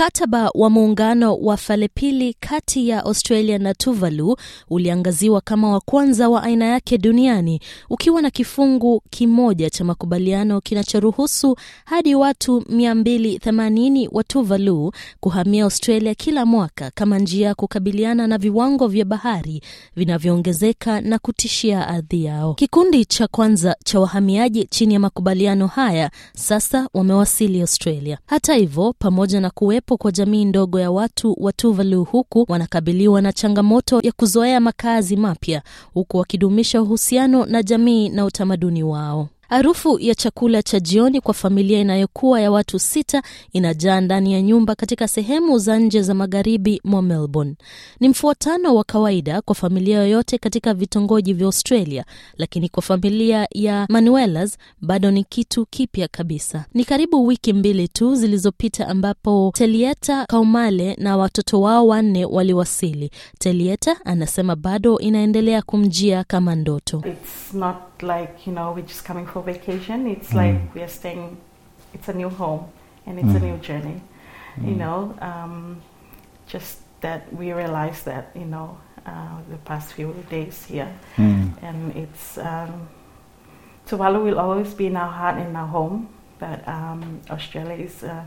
Mkataba wa muungano wa falepili kati ya Australia na Tuvalu uliangaziwa kama wa kwanza wa aina yake duniani ukiwa na kifungu kimoja cha makubaliano kinachoruhusu hadi watu 280 wa Tuvalu kuhamia Australia kila mwaka kama njia ya kukabiliana na viwango vya bahari vinavyoongezeka na kutishia ardhi yao. Kikundi cha kwanza cha wahamiaji chini ya makubaliano haya sasa wamewasili Australia. Hata hivyo, pamoja na kuwepo kuwepo kwa jamii ndogo ya watu wa Tuvalu huku wanakabiliwa na changamoto ya kuzoea makazi mapya huku wakidumisha uhusiano na jamii na utamaduni wao. Harufu ya chakula cha jioni kwa familia inayokuwa ya watu sita inajaa ndani ya nyumba katika sehemu za nje za magharibi mwa Melbourne. Ni mfuatano wa kawaida kwa familia yoyote katika vitongoji vya Australia, lakini kwa familia ya Manuelas bado ni kitu kipya kabisa. Ni karibu wiki mbili tu zilizopita ambapo Telieta Kaumale na watoto wao wanne waliwasili. Telieta anasema bado inaendelea kumjia kama ndoto. It's not like, you know, we're just coming for vacation. It's mm. like we are staying. It's a new home, and it's mm. a new journey. You mm. know, um, just that we realize that you know uh, the past few days here, mm. and it's um, Tuvalu will always be in our heart and our home, but um, Australia is. Uh,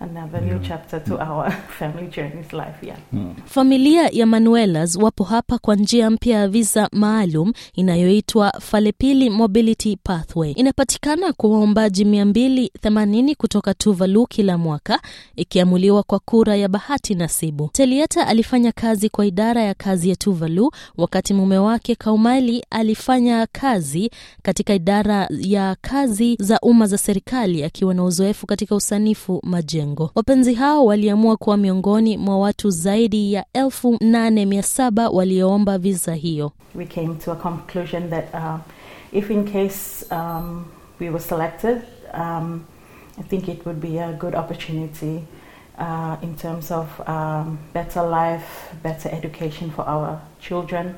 another yeah. new chapter to our family journey's life yeah. yeah hmm. Familia ya Manuelas wapo hapa kwa njia mpya ya visa maalum inayoitwa Falepili Mobility Pathway. Inapatikana kwa waombaji 280 kutoka Tuvalu kila mwaka, ikiamuliwa kwa kura ya bahati nasibu. Telieta alifanya kazi kwa idara ya kazi ya Tuvalu, wakati mume wake Kaumali alifanya kazi katika idara ya kazi za umma za serikali, akiwa na uzoefu katika usanifu majengo malengo. Wapenzi hao waliamua kuwa miongoni mwa watu zaidi ya 8700 walioomba visa hiyo. We came to a conclusion that uh, if in case um, we were selected um, I think it would be a good opportunity uh, in terms of um, better life, better education for our children,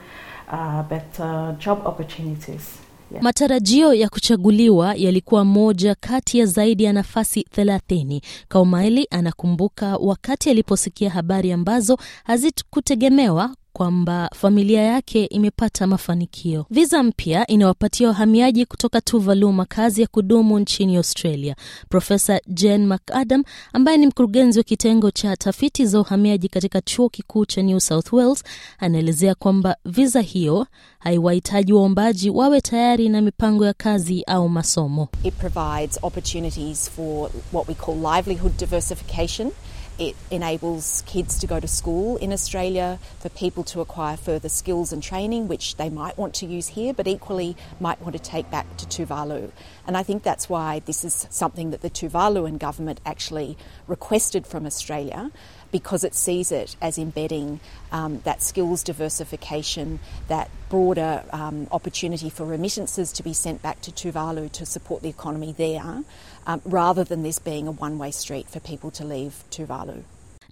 uh, better job opportunities. Yeah. Matarajio ya kuchaguliwa yalikuwa moja kati ya zaidi ya nafasi thelathini. Kaumaili anakumbuka wakati aliposikia habari ambazo hazikutegemewa kwamba familia yake imepata mafanikio. viza mpya inawapatia wahamiaji kutoka Tuvalu makazi ya kudumu nchini Australia. Profesa Jane McAdam ambaye ni mkurugenzi wa kitengo cha tafiti za uhamiaji katika chuo kikuu cha New South Wales anaelezea kwamba viza hiyo haiwahitaji waombaji wawe tayari na mipango ya kazi au masomo. It provides opportunities for what we call livelihood diversification. It enables kids to go to school in Australia for people to acquire further skills and training, which they might want to use here, but equally might want to take back to Tuvalu. And I think that's why this is something that the Tuvaluan government actually requested from Australia because it sees it as embedding um, that skills diversification, that broader um, opportunity for remittances to be sent back to Tuvalu to support the economy there, um, rather than this being a one way street for people to leave Tuvalu.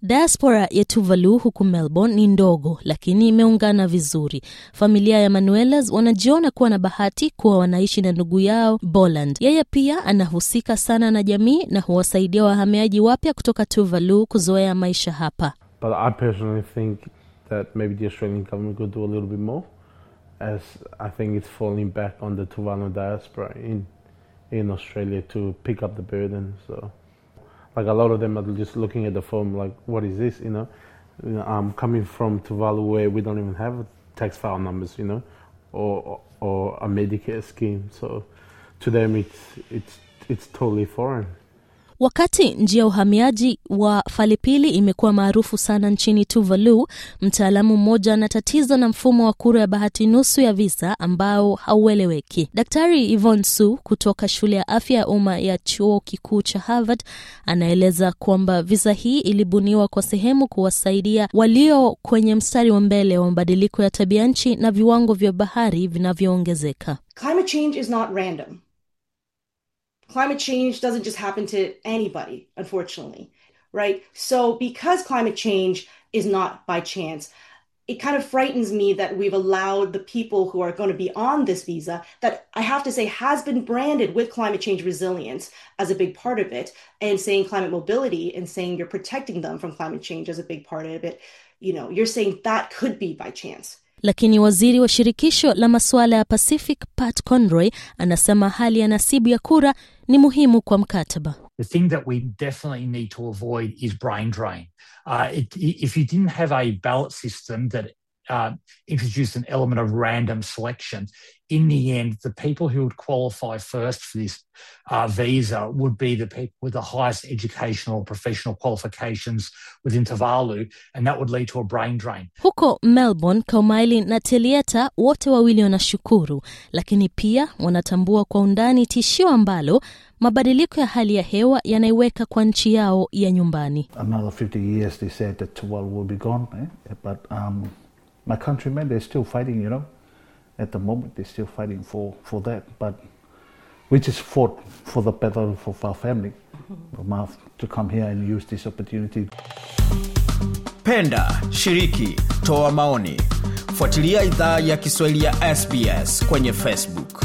Diaspora ya Tuvalu huku Melbourne ni ndogo, lakini imeungana vizuri. Familia ya Manuelas wanajiona kuwa na bahati kuwa wanaishi na ndugu yao Boland. Yeye pia anahusika sana na jamii na huwasaidia wahamiaji wapya kutoka Tuvalu kuzoea maisha hapa. But I personally think that maybe the Australian government could do a little bit more as I think it's falling back on the Tuvalu diaspora in, in Australia to pick up the burden so like a lot of them are just looking at the form like, what is this? You know, I'm coming from Tuvalu where we don't even have tax file numbers. You know, or or a Medicare scheme. So to them, it's it's it's totally foreign. Wakati njia ya uhamiaji wa Falipili imekuwa maarufu sana nchini Tuvalu, mtaalamu mmoja anatatiza na mfumo wa kura ya bahati nusu ya visa ambao haueleweki. Daktari Yvonne Su kutoka shule ya afya ya umma ya chuo kikuu cha Harvard anaeleza kwamba visa hii ilibuniwa kwa sehemu kuwasaidia walio kwenye mstari wa mbele wa mabadiliko ya tabia nchi na viwango vya bahari vinavyoongezeka. Climate change is not random. climate change doesn't just happen to anybody, unfortunately, right? So, because climate change is not by chance, it kind of frightens me that we've allowed the people who are going to be on this visa that I have to say has been branded with climate change resilience as a big part of it and saying climate mobility and saying you're protecting them from climate change as a big part of it. You know, you're saying that could be by chance. Lakini waziri wa shirikisho la masuala ya Pacific Pat Conroy anasema hali ya nasibu ya kura ni muhimu kwa mkataba. The thing that we definitely need to avoid is brain drain. Uh, it, if you didn't have a ballot system that Uh, introduced an element of random selection. In the end, the people who would qualify first for this uh, visa would be the people with the highest educational or professional qualifications within Tuvalu, and that would lead to a brain drain. Huko Melbourne, Kaumaili na Telieta wote wawili wanashukuru, lakini pia wanatambua kwa undani tishio ambalo mabadiliko ya hali ya hewa yanaiweka kwa nchi yao ya nyumbani. Another 50 years they said that Tuvalu will be gone, eh? but um, my countrymen, they're still fighting, you know. At the moment, they're still fighting for, for that. But we just fought for the better of our family, mm-hmm. to come here and use this opportunity. Penda, shiriki, toa maoni. Fuatilia idhaa ya Kiswahili ya SBS kwenye Facebook.